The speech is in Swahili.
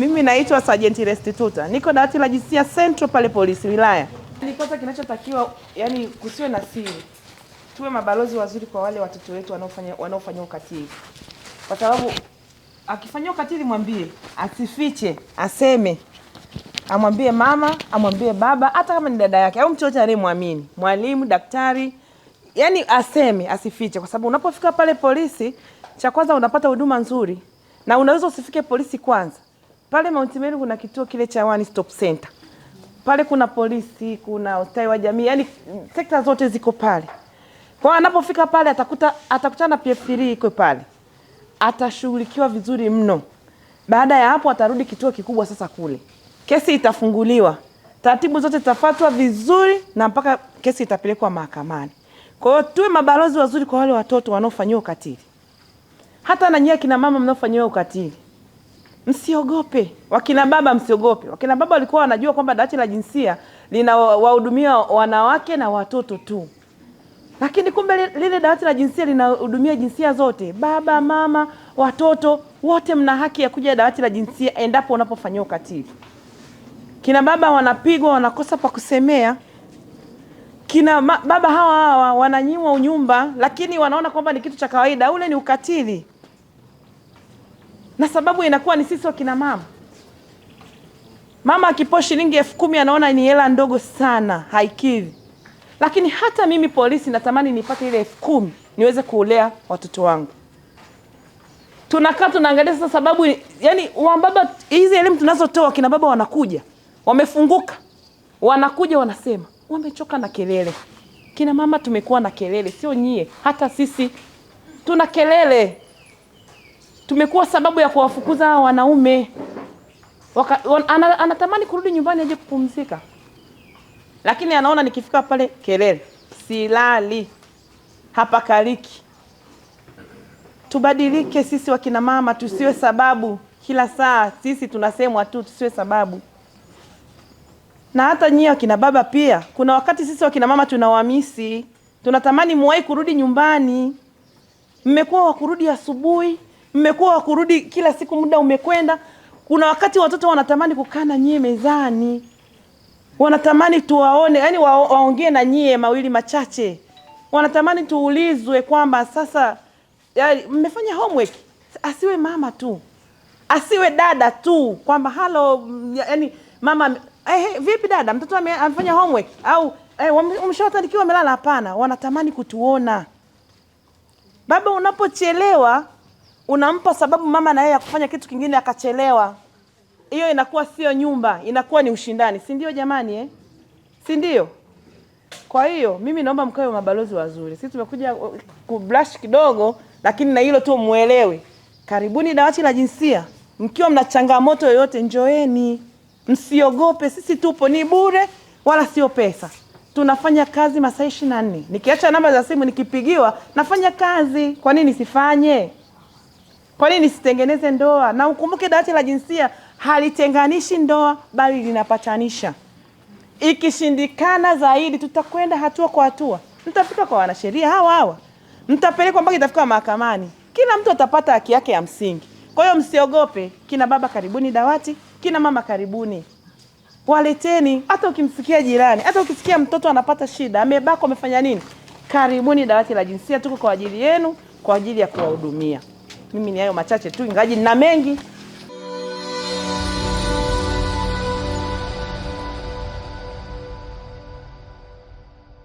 Mimi naitwa Sergeant Restituta, niko dawati la jinsia Central pale polisi wilaya. Ni kwanza kinachotakiwa yani, kusiwe na siri, tuwe mabalozi wazuri kwa wale watoto wetu wanaofanya wanaofanya ukatili, kwa sababu akifanyia ukatili mwambie, asifiche, aseme, amwambie mama, amwambie baba, hata kama ni dada yake au mtu yote anayemwamini, mwalimu, daktari, yani aseme, asifiche, kwa sababu unapofika pale polisi, cha kwanza unapata huduma nzuri, na unaweza usifike polisi kwanza pale Mount Meru kuna kituo kile cha One Stop Center. Pale kuna polisi, kuna ustawi wa jamii, yaani sekta zote ziko pale. Kwa anapofika pale atakuta atakutana na PF3 iko pale. Atashughulikiwa vizuri mno. Baada ya hapo atarudi kituo kikubwa sasa kule. Kesi itafunguliwa. Taratibu zote zitafuatwa vizuri na mpaka kesi itapelekwa mahakamani. Kwa hiyo tuwe mabalozi wazuri kwa wale watoto wanaofanyiwa ukatili. Hata na nyie kina mama mnaofanyiwa ukatili. Msiogope wakina baba, msiogope wakina baba. Walikuwa wanajua kwamba dawati la jinsia linawahudumia wanawake na watoto tu, lakini kumbe lile dawati la jinsia linahudumia jinsia zote, baba, mama, watoto wote. Mna haki ya kuja dawati la jinsia endapo unapofanyia ukatili. Kina baba wanapigwa, wanakosa pa kusemea. Kina baba hawa hawa wananyimwa unyumba, lakini wanaona kwamba ni kitu cha kawaida. Ule ni ukatili na sababu inakuwa ni sisi wakina mama. Mama akipewa shilingi elfu kumi anaona ni hela ndogo sana, haikidhi. Lakini hata mimi polisi natamani nipate ile elfu kumi niweze kuulea watoto wangu. Tunakaa tunaangalia sasa sababu, yani wababa, hizi elimu tunazotoa wakina baba wanakuja wamefunguka, wanakuja wanasema wamechoka na kelele. Kina mama tumekuwa na kelele, sio nyie, hata sisi tuna kelele tumekuwa sababu ya kuwafukuza wanaume Waka, wan, ana, anatamani kurudi nyumbani aje kupumzika, lakini anaona nikifika pale kelele, silali hapa kaliki. Tubadilike sisi wakina mama, tusiwe sababu kila saa sisi tunasemwa tu, tusiwe sababu. Na hata nyie wakina baba pia, kuna wakati sisi wakina mama tunawamisi, tunatamani muwahi kurudi nyumbani. Mmekuwa wa kurudi asubuhi mmekuwa wakurudi kila siku, muda umekwenda. Kuna wakati watoto wanatamani kukaa na nyie mezani, wanatamani tuwaone, yani waongee na nyie mawili machache, wanatamani tuulizwe kwamba sasa mmefanya homework. Asiwe mama tu, asiwe dada tu, kwamba halo, yani mama eh, vipi dada, mtoto amefanya homework au eh, amelala? Hapana, wanatamani kutuona. Baba, unapochelewa unampa sababu mama na yeye akufanya kitu kingine akachelewa, hiyo inakuwa sio nyumba, inakuwa ni ushindani, si ndio jamani eh? si ndio? Kwa hiyo mimi naomba mkawe mabalozi wazuri. Sisi tumekuja uh, kublash kidogo, lakini na hilo tu muelewe. Karibuni dawati la jinsia, mkiwa mna changamoto yoyote njoeni, msiogope, sisi tupo, ni bure wala sio pesa. Tunafanya kazi masaa ishirini na nne. Nikiacha namba za simu nikipigiwa, nafanya kazi. Kwa nini sifanye? Kwa nini nisitengeneze ndoa? Na ukumbuke dawati la jinsia halitenganishi ndoa, bali linapatanisha. Ikishindikana zaidi, tutakwenda hatua kwa hatua, mtafika kwa wanasheria hawa hawa, mtapelekwa mpaka itafika mahakamani. Kila mtu atapata haki yake ya msingi. Kwa hiyo msiogope, kina baba karibuni dawati, kina mama karibuni, waleteni. Hata ukimsikia jirani, hata ukisikia mtoto anapata shida, amebakwa, amefanya nini, karibuni dawati la jinsia, tuko kwa ajili yenu, kwa ajili ya kuwahudumia. Mimi ni hayo machache tu, ingaji nina mengi,